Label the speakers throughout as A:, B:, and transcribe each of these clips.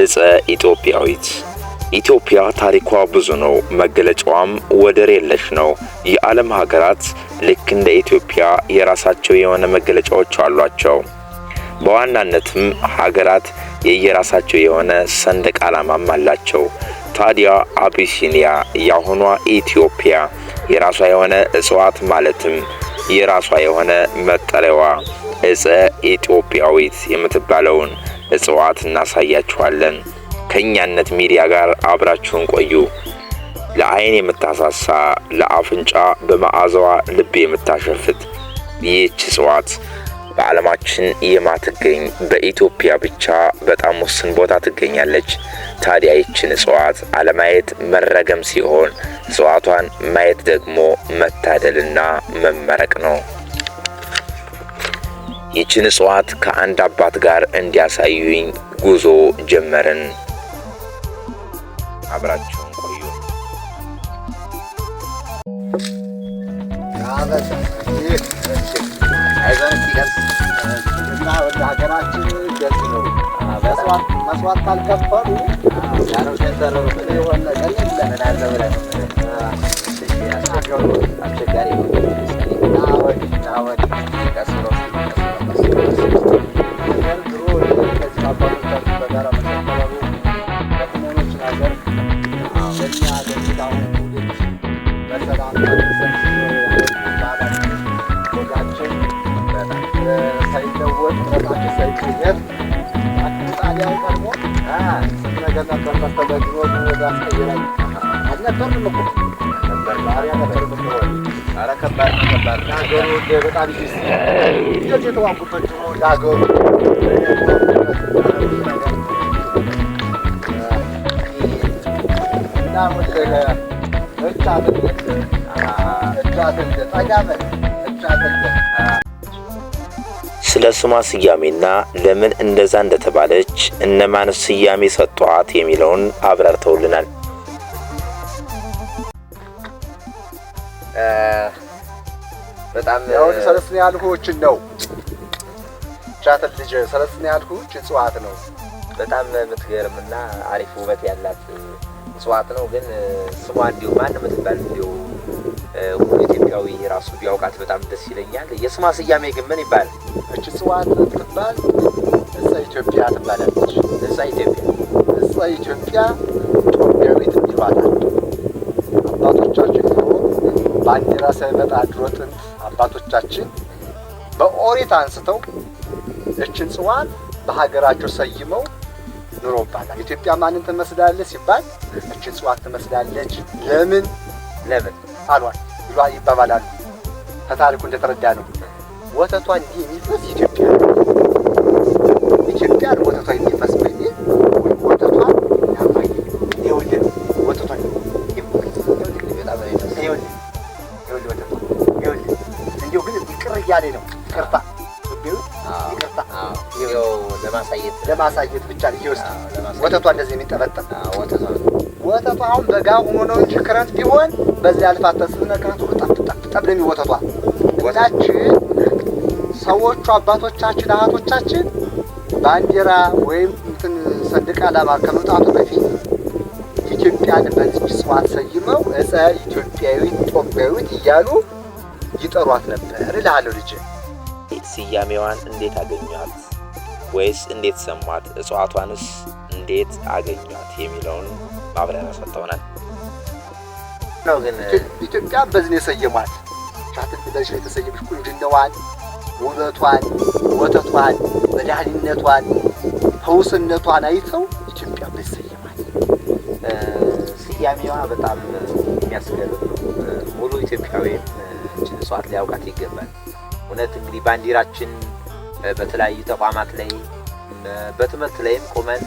A: እፀ ኢትዮጵያዊት ኢትዮጵያ ታሪኳ ብዙ ነው፣ መገለጫዋም ወደር የለሽ ነው። የዓለም ሀገራት ልክ እንደ ኢትዮጵያ የራሳቸው የሆነ መገለጫዎች አሏቸው። በዋናነትም ሀገራት የየራሳቸው የሆነ ሰንደቅ ዓላማም አላቸው። ታዲያ አቢሲኒያ ያሁኗ ኢትዮጵያ የራሷ የሆነ እጽዋት ማለትም የራሷ የሆነ መጠሪያዋ እፀ ኢትዮጵያዊት የምትባለውን እጽዋት እናሳያችኋለን። ከእኛነት ሚዲያ ጋር አብራችሁን ቆዩ። ለአይን የምታሳሳ ለአፍንጫ በመዓዛዋ ልብ የምታሸፍት ይህች እጽዋት
B: በዓለማችን የማትገኝ በኢትዮጵያ ብቻ በጣም ውስን ቦታ ትገኛለች። ታዲያ ይችን እጽዋት አለማየት መረገም ሲሆን እጽዋቷን ማየት ደግሞ መታደልና መመረቅ ነው።
A: ይችን እጽዋት ከአንድ አባት ጋር እንዲያሳዩኝ ጉዞ ጀመርን። አብራቸውን ቆዩ። መስዋዕት ለሀገሩ በጣም ድሮ ስለ ስሟ ስያሜና ለምን እንደዛ እንደተባለች እነማን ስያሜ ሰጧት የሚለውን አብራርተውልናል።
B: በጣም አሁን ሰለስተኛ ነው ያልኩህን ነው ቻተ ልጅ ሰለስተኛ ነው ያልኩህን እጽዋት ነው። በጣም የምትገርምና አሪፍ ውበት ያላት እጽዋት ነው። ግን ስሟ እንዲሁ ማን የምትባል እንዲሁ ሁሉ ኢትዮጵያዊ ራሱ ቢያውቃት በጣም ደስ ይለኛል። የስሟ ስያሜ ግን ምን ይባል? እች እጽዋት ትባል እዛ ኢትዮጵያ ትባላለች። እዛ ኢትዮጵያ እዛ ኢትዮጵያ ጦቢያዊት ይሏታል አባቶቻችን ባንዲራ ሳይመጣ ድሮ ጥንት አባቶቻችን በኦሪት አንስተው እችን ጽዋን በሀገራቸው ሰይመው ኑሮባታል። ኢትዮጵያ ማንን ትመስላለች ሲባል እችን ጽዋን ትመስላለች። ለምን ለምን አሏል ይሏ ይባባላሉ። ከታሪኩ እንደተረዳ ነው። ወተቷ እንዲህ የሚፈስ ኢትዮጵያ ኢትዮጵያ ወተቷ የሚፈስ በሚል ወተቷ ያፋይ ይወደድ ወተቷ ይወደድ እያለ ነው። ይቅርታ ለማሳየት ብቻ ልጅ ውስጥ ወተቷ እንደዚህ የሚጠበጠብ ወተቷ አሁን በጋ ሆኖ እንጂ ክረምት ቢሆን በዚህ ልፋት ተስነ ክረምት ጠብ ጠብ ጠብ ነው ወታችን ሰዎቹ አባቶቻችን አህቶቻችን ባንዲራ ወይም እንትን ሰንደቅ ዓላማ ከመውጣቱ በፊት ኢትዮጵያን በዚች ስዋት ሰይመው እፀ ኢትዮጵያዊት ጦቢያዊት እያሉ ይጠሯት ነበር እልሃለሁ ልጄ።
A: ስያሜዋን እንዴት አገኟት ወይስ እንዴት ሰሟት፣ እጽዋቷንስ እንዴት አገኟት የሚለውን ማብራሪያ ሰጥተውናል።
B: ነው ግን ኢትዮጵያ በዝን የሰየሟት ሻትን ብለሽ የተሰየምሽ ቁንጅናዋን፣ ውበቷን፣ ወተቷን፣ መድኃኒነቷን፣ ፈውስነቷን አይተው ኢትዮጵያ በዚህ ሰየሟት። ስያሜዋ በጣም የሚያስገርም ሙሉ ኢትዮጵያዊ ሀገራችን እጽዋት ሊያውቃት ይገባል። እውነት እንግዲህ ባንዲራችን በተለያዩ ተቋማት ላይ በትምህርት ላይም ቁመን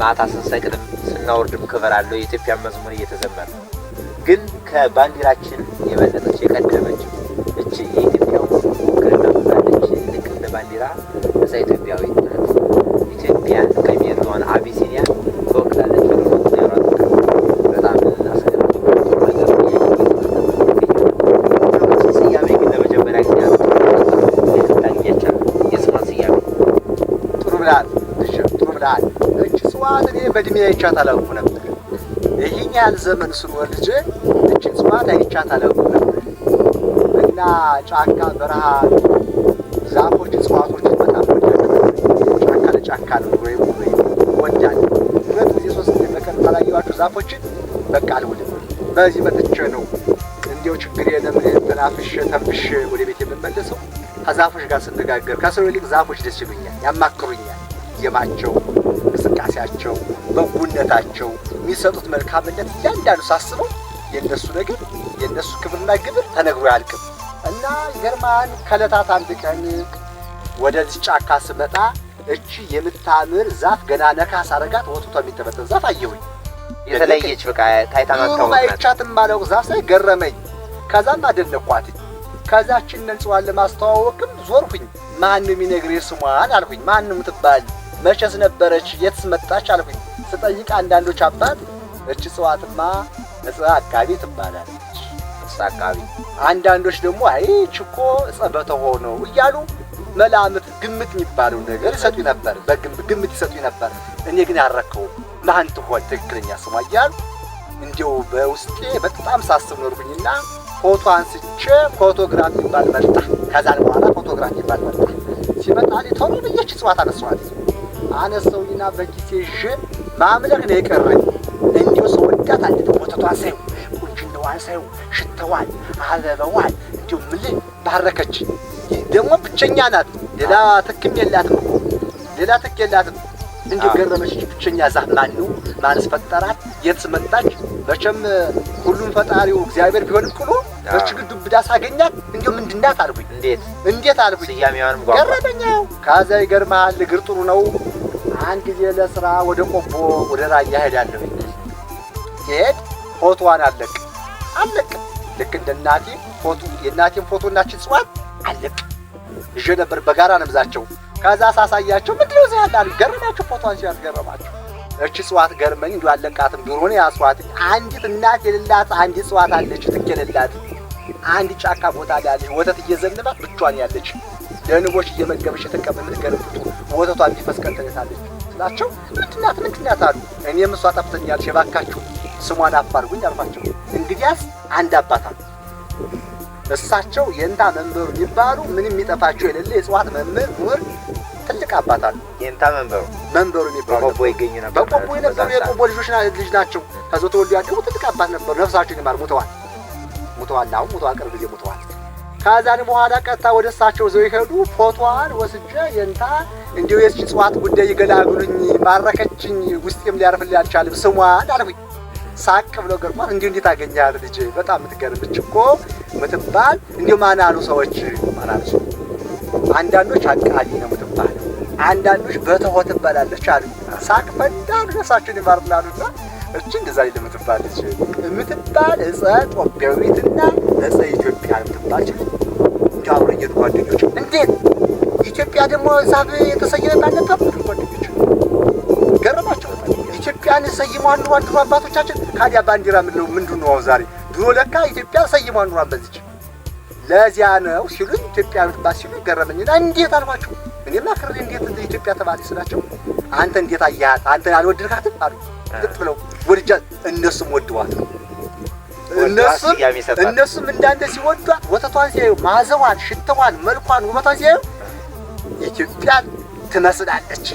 B: ማታ ስንሰቅልም ስናወርድም ክብር አለው። የኢትዮጵያን መዝሙር እየተዘመረ ግን ከባንዲራችን የበለጠች የቀደመች እች በእድሜ አይቻት አላውቅ ነበር። ይህን ያህል ዘመን ስንወልጅ ልጄ እችን እጽዋት አይቻት አላውቅ ነበር እና ጫካ፣ በረሃ፣ ዛፎች፣ እጽዋቶች በጣም ጫካ ለጫካ ነው ወይ ወዳል ሁለት ጊዜ ሶስት ጊዜ መከር ካላየኋቸው ዛፎችን በቃ አልውልም። በዚህ መጥቼ ነው እንዲው ችግር የለም ተናፍሽ ተንፍሽ ወደ ቤት የምመለሰው ከዛፎች ጋር ስነጋገር ከሰው ይልቅ ዛፎች ደስ ይሉኛል፣ ያማክሩኛል፣ የማቸው እንቅስቃሴያቸው በጎነታቸው፣ የሚሰጡት መልካምነት እያንዳንዱ ሳስበው የእነሱ ነገር የእነሱ ክብርና ግብር ተነግሮ ያልቅም እና ይገርማል። ከዕለታት አንድ ቀን ወደዚህ ጫካ ስመጣ እቺ የምታምር ዛፍ ገና ነካ አረጋት ወጥቶ የሚተበተን ዛፍ አየሁኝ። የተለየች በቃ ታይታ ማታወቅ አይቻት ዛፍ ሳይ ገረመኝ። ከዛም አደነኳት። ከዛችን ነጽዋን ለማስተዋወቅም ዞርሁኝ። ማንም ይነግሬ ስሟን አልሁኝ። ማንም ትባል መቼስ ነበረች የትስ መጣች አልኩኝ። ስጠይቅ አንዳንዶች አባት እች እጽዋትማ እጽ አካባቢ ትባላለች፣ እጽ አካባቢ፣ አንዳንዶች ደግሞ አይ ችኮ እጸ በተሆ ነው እያሉ መላምት ግምት የሚባለው ነገር ይሰጡ ነበር፣ በግምት ይሰጡ ነበር። እኔ ግን ያረከው ማን ትሆን ትክክለኛ ስሟ እያሉ እንዲው በውስጤ በጣም ሳስብ ኖርኩኝና ፎቶ አንስቼ ፎቶግራፍ ይባል መጣ። ከዛን በኋላ ፎቶግራፍ ይባል መጣ። ሲመጣ ሊቶኒ ብዬች እጽዋት አነሷት አነሰውኝና በጊዜ ይዤ ማምለክ ነው የቀረኝ። እንዲሁ ሰው ሰወዳት አንድ ወተቷን ሳይው ቁንጅናዋን ሳይው ሽተዋል አበበዋን እንዲሁ ምልህ ባረከች። ደግሞ ብቸኛ ናት፣ ሌላ ትክም የላትም እኮ ሌላ ትክ የላትም። እንዲሁ ገረመች ብቸኛ ዛፍ ማኑ ማንስ ፈጠራት? የትስ መጣች? መቼም ሁሉም ፈጣሪው እግዚአብሔር ቢሆንም ቅሉ በችግር ዱብዳ ሳገኛት እንዲሁ ምንድናት አልኩኝ። እንዴት እንዴት አልኩኝ። ገረመኛው ከዛ ይገርመሃል። እግር ጥሩ ነው አንድ ጊዜ ለስራ ወደ ቆቦ ወደ ራያ ሄዳለሁ። ሄድ ፎቶዋን አለቅ አለቅ ልክ እንደ እናቴ ፎቶ የእናቴን ፎቶ እናችን ጽዋት አለቅ ይዤ ነበር። በጋራ ነብዛቸው። ከዛ ሳሳያቸው ምንድነው እዚህ ያለ አሉ። ገረማቸው ፎቶዋን ሲያስገረማቸው እቺ ጽዋት ገርመኝ እንዲ አለቃትም ዱሮ ነው ያስዋት አንዲት እናት የሌላት አንዲት ጽዋት አለች ትክ የሌላት አንድ ጫካ ቦታ ላይ ያለች ወተት እየዘነበ ብቿን ያለች ለንቦች እየመገበች የተቀበለች ገርም ወተቷ እንዲፈስ ቀንተለታለች ስትላቸው ምንድናት ምንድናት አሉ። እኔም እሷ ጠፍተኛል ሸባካችሁ ስሟን አባርጉኝ አልኳቸው። እንግዲያስ አንድ አባታ እሳቸው የእንታ መንበሩ የሚባሉ ምንም የሚጠፋቸው የሌለ የእጽዋት መምህር ምሁር ትልቅ አባት አሉ። የእንታ መንበሩ መንበሩ የሚባሉ በቆቦ ይገኙ ነበር። በቆቦ የነበሩ የቆቦ ልጆች ልጅ ናቸው። ከዞ ተወልዶ ያደጉ ትልቅ አባት ነበሩ። ነፍሳቸው ይማር ሙተዋል፣ ሙተዋል። አሁን ሙተዋል፣ ቅርብ ጊዜ ሙተዋል። ከዛን በኋላ ቀጥታ ወደ እሳቸው ዘው ይሄዱ። ፎቶዋን ወስጄ የንታ እንዲሁ የዚች እጽዋት ጉዳይ ይገላግሉኝ፣ ባረከችኝ፣ ውስጤም ሊያርፍልኝ አልቻለም ስሟን አልኩኝ። ሳቅ ብሎ ገርሟት እንዲሁ እንዴት አገኘሃል ልጅ በጣም የምትገርም ልጅ እኮ ምትባል እንዲሁ ማናሉ ሰዎች ማናሉ ሰው አንዳንዶች አቃሊ ነው ምትባል፣ አንዳንዶች በተሆ ትባላለች አሉ። ሳቅ ፈንዳ ነሳቸውን ይማርላሉና እች እንደዛ ላይ ለምትባል የምትባል እፀ ጦቢያዊትና እፀ ኢትዮጵያ የምትባል ችል እንዲ አብረየት ጓደኞች እንዴት ኢትዮጵያ ደግሞ ዛብ የተሰየመ አልነበር? ጓደኞች ገረማቸው። ኢትዮጵያን ሰይመዋል ድሮ አባቶቻችን። ካዲያ ባንዲራ ምንለው ምንድን ነው ዛሬ? ድሮ ለካ ኢትዮጵያ ሰይመዋል ኑሯን በዚች ለዚያ ነው ሲሉ ኢትዮጵያ ምትባል ሲሉ ገረመኝና እንዴት አልኳቸው። እኔማ ክሬ እንዴት ኢትዮጵያ ተባለ ስላቸው አንተ እንዴት አያት አንተ አልወደድካትም አሉ ግጥ ብለው ወድጃት እነሱም ወድዋት እነሱም እንዳንተ ሲወዷት ወተቷን ሲያዩ ማዘዋን፣ ሽተዋን፣ መልኳን፣ ውበቷን ሲያዩ ኢትዮጵያን ትመስላለች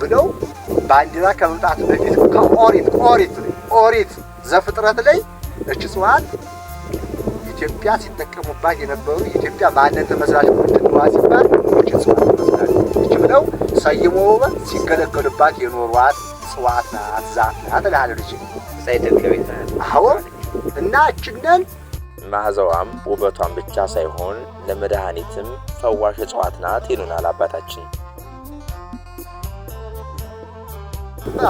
B: ብለው ባንዲራ ከመምጣት በፊት ከኦሪት ኦሪት ኦሪት ዘፍጥረት ላይ እች ጽዋት ኢትዮጵያ ሲጠቀሙባት የነበሩ ኢትዮጵያ ማንነት መስራች ምንድነዋ ሲባል እች ጽዋት ትመስላለች ብለው ሰይሞ ውበት ሲገለገሉባት የኖሯት እጽዋት ናት፣ ዛፍ ናት እልሃለሁ ልጄ። አዎ እና እችነን
A: መዓዛዋም ውበቷን ብቻ ሳይሆን ለመድኃኒትም ፈዋሽ እጽዋት ናት ይሉናል አባታችን።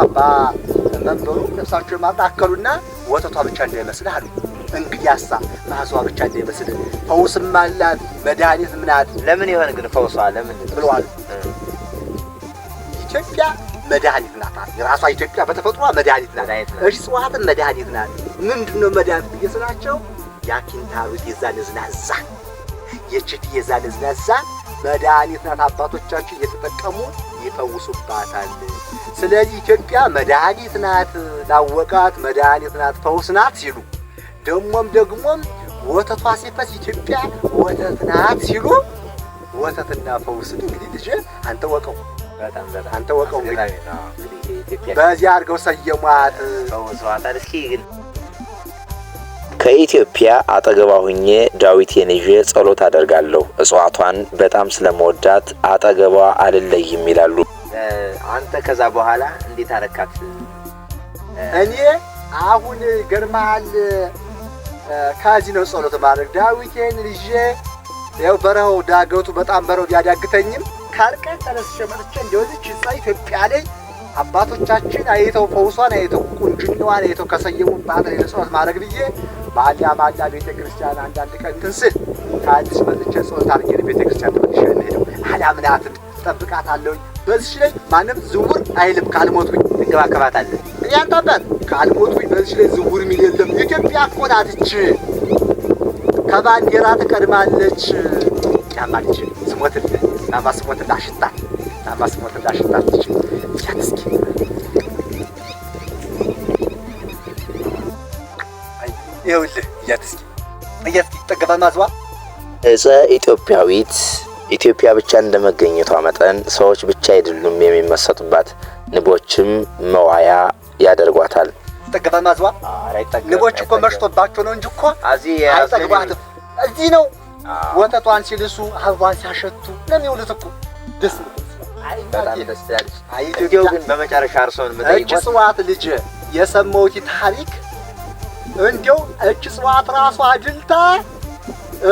B: አባ መንበሩ ነፍሳቸውን ማጣከሉና ወተቷ ብቻ እንዳይመስል አሉ። እንግዲያሳ መዓዛዋ ብቻ እንዳይመስል ፈውስም አላት መድኃኒትም ናት። ለምን ይሆን ግን ፈውሷ ለምን ብለዋል ኢትዮጵያ መድኃኒት ናት። የራሷ ኢትዮጵያ በተፈጥሯ መድኃኒት ናት። እጽዋትም መድኃኒት ናት። ምንድን ነው መድኃኒት ብዬ ስላቸው ያኪንታሩት የዛን ዝናዛ የችት የዛን ዝናዛ መድኃኒት ናት። አባቶቻችን እየተጠቀሙ ይፈውሱባታል። ስለዚህ ኢትዮጵያ መድኃኒት ናት፣ ላወቃት መድኃኒት ናት፣ ፈውስ ናት ሲሉ ደግሞም ደግሞም ወተቷ ሲፈስ ኢትዮጵያ ወተት ናት ሲሉ ወተትና ፈውስን እንግዲህ ልጄ አንተ ወቀው። አንተ ወቀው በዚህ አድርገው ሰየሟት።
A: ከኢትዮጵያ አጠገቧ ሁኜ ዳዊቴን ይዤ ጸሎት አደርጋለሁ። እጽዋቷን በጣም ስለመወዳት አጠገቧ አልለይም ይላሉ።
B: አንተ ከዛ በኋላ እንዴት አረካት? እኔ አሁን ገርማል። ከዚህ ነው ጸሎት ማድረግ ዳዊቴን ይዤ ያው በረሃው ዳገቱ በጣም በረው ቢያዳግተኝም ካልቀ ጠለስ ሸመርቼ እንደወዝች እዛ ኢትዮጵያ ላይ አባቶቻችን አይተው ፈውሷን አይተው ቁንጅናዋን አይተው ከሰየሙባት ላይ ለጸሎት ማድረግ ብዬ በአሊያ ማሊያ ቤተ ክርስቲያን አንዳንድ ቀን ስል ከአዲስ መጥቼ ጸሎት አድርጌ ቤተ ክርስቲያን ተመልሼ እንሄደው አላምናትን ጠብቃት አለሁኝ። በዚች ላይ ማንም ዝውር አይልም። ካልሞትኩኝ እንገባከባታለን። እኔ አንተ አባት ካልሞትኩኝ በዚች ላይ ዝውር የሚል የለም። ኢትዮጵያ እኮ ናትች ከባንዲራ ትቀድማለች። ያማልች ስሞትልህ ናባስሞት እንዳሽታት ናባስሞት እንዳሽታት ያንስኪ ይኸውልህ እያትስኪ እያትስኪ ጠገባ ማዝዋ
A: እፀ ኢትዮጵያዊት ኢትዮጵያ ብቻ እንደመገኘቷ መጠን ሰዎች ብቻ አይደሉም የሚመሰጡባት፣ ንቦችም መዋያ ያደርጓታል።
B: ጠገባ ማዝዋ ንቦች እኮ መሽቶባቸው ነው እንጂ እኮ እዚህ ነው ወተቷን ሲልሱ አበቧን ሲያሸቱ ለሚውሉት እኮ ደስ እንደው ግን በመጨረሻ እርስዎን እች ጽዋት ልጅ የሰማሁት ታሪክ እንደው እጭ ጽዋት ራሱ አድልታ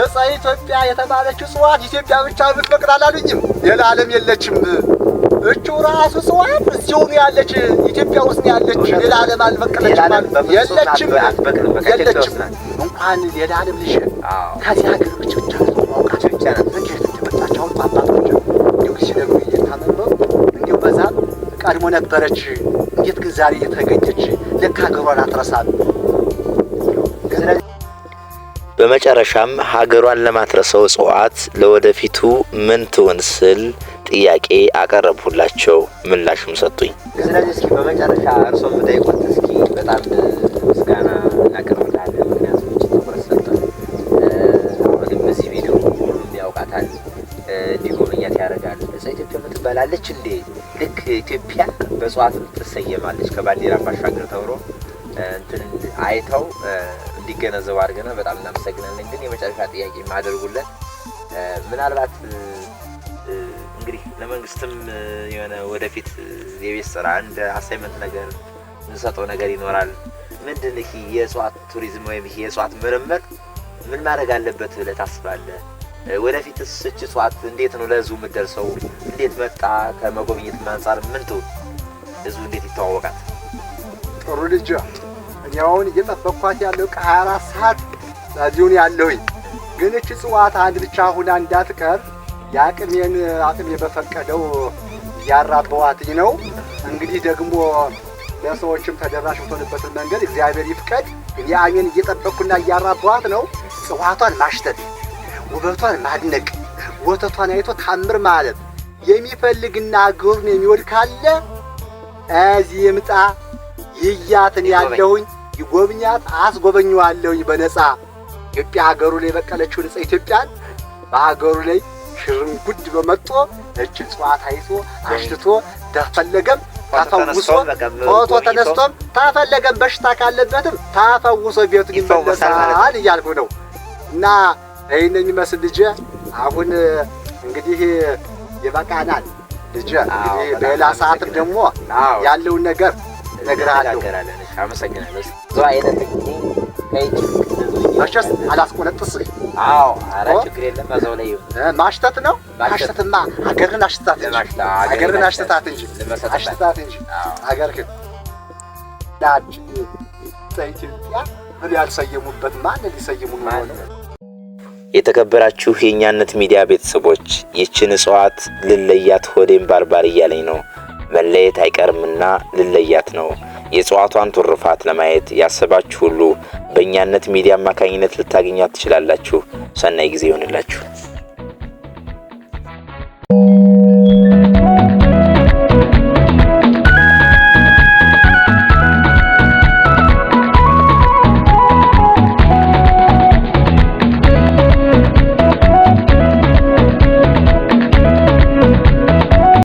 B: እፀ ኢትዮጵያ የተባለች እጽዋት ኢትዮጵያ ብቻ ብትበቅል አላሉኝም። ሌላ ዓለም የለችም። እቹ ራሱ ሰዋን እዚሁ ነው ያለች፣ ኢትዮጵያ ውስጥ ነው ያለች። ሌላ ዓለም አልበቀለችም፣ የለችም፣ የለችም። እንኳን ሌላ ዓለም ከዚህ ሀገር ብቻ ብቻ አባቶች እንዲሁ እየታመመ እንዲሁ በዛ ቀድሞ ነበረች። እንዴት ግን ዛሬ እየተገኘች ልክ ሀገሯን አትረሳም።
A: በመጨረሻም ሀገሯን ለማትረሰው እጽዋት ለወደፊቱ ምን ትሆን ስል ጥያቄ አቀረብሁላቸው፣ ምላሽም ሰጡኝ።
B: ስለዚህ እስኪ በመጨረሻ እርስዎ የምጠይቁት እስኪ በጣም ምስጋና እናቀርብላለን። ምክንያቱም እጅ ትኩረት ሰጥተው አሁንም በዚህ ቪዲዮ ሁሉም ያውቃታል እንዲጎበኛት ያደርጋል። እዛ ኢትዮጵያ ምትበላለች እንዴ? ልክ ኢትዮጵያ በእጽዋት ትሰየማለች ከባንዲራ ባሻገር ተብሎ እንትን አይተው እንዲገነዘቡ አድርገና በጣም እናመሰግናለን። ግን የመጨረሻ ጥያቄ ማደርጉለት ምናልባት ለመንግስትም የሆነ ወደፊት የቤት ስራ እንደ አሳይመንት ነገር እንሰጠው ነገር ይኖራል። ምንድን ይ የእጽዋት ቱሪዝም ወይም የእጽዋት ምርምር ምን ማድረግ አለበት ብለህ ታስባለህ? ወደፊት ስች እጽዋት እንዴት ነው ለህዝቡ የምደርሰው? እንዴት መጣ? ከመጎብኘት አንጻር ምን ትውል ህዝቡ እንዴት ይተዋወቃል? ጥሩ ልጅ እኔ አሁን እየጠበኳት ያለው ከሀያ አራት ሰዓት እዚሁን ያለሁኝ ግን እች እጽዋት አንድ ብቻ ሁና እንዳትቀር የአቅሜን አቅሜ በፈቀደው ያራበዋትኝ ነው። እንግዲህ ደግሞ ለሰዎችም ተደራሽ የምትሆንበትን መንገድ እግዚአብሔር ይፍቀድ። እኔ አሜን እየጠበቅኩና እያራበዋት ነው። ጽዋቷን ማሽተት፣ ውበቷን ማድነቅ፣ ወተቷን አይቶ ታምር ማለት የሚፈልግና እግሩን የሚወድ ካለ እዚህ ይምጣ። ይያትን ያለሁኝ ይጎብኛት፣ አስጎበኘዋለሁኝ በነፃ ኢትዮጵያ ሀገሩ ላይ የበቀለችውን ንጽ ኢትዮጵያን በሀገሩ ላይ ጉድ በመጦ እጅ እጽዋት አይቶ አሽትቶ ተፈለገም ታፈውሶ ፎቶ ተነስቶም ታፈለገም በሽታ ካለበትም ታፈውሶ ቤቱ ይመለሳል እያልኩ ነው። እና ይህን የሚመስል ልጄ አሁን እንግዲህ ይበቃናል ልጄ። በሌላ ሰዓትም ደግሞ ያለውን ነገር እነግርሃለሁ። አመሰግናለሁ። መቼስ አላስቆነጥስ። አዎ፣ ኧረ ችግር የለም እዛው ላይ ማሽተት ነው ማሽተትማ፣ ሀገርን አሽተታት እንጂ ሀገርን አሽተታት እንጂ አሽተታት እንጂ ሀገር ግን ዳች ኢትዮጵያ ምን ያልሰየሙበት ማን ሊሰየሙ ነው?
A: የተከበራችሁ የእኛነት ሚዲያ ቤተሰቦች ይችን እጽዋት ልለያት ሆዴን ባርባር እያለኝ ነው። መለየት አይቀርምና ልለያት ነው። የእጽዋቷን ትሩፋት ለማየት ያሰባችሁ ሁሉ በእኛነት ሚዲያ አማካኝነት ልታገኛት ትችላላችሁ። ሰናይ ጊዜ ይሆንላችሁ።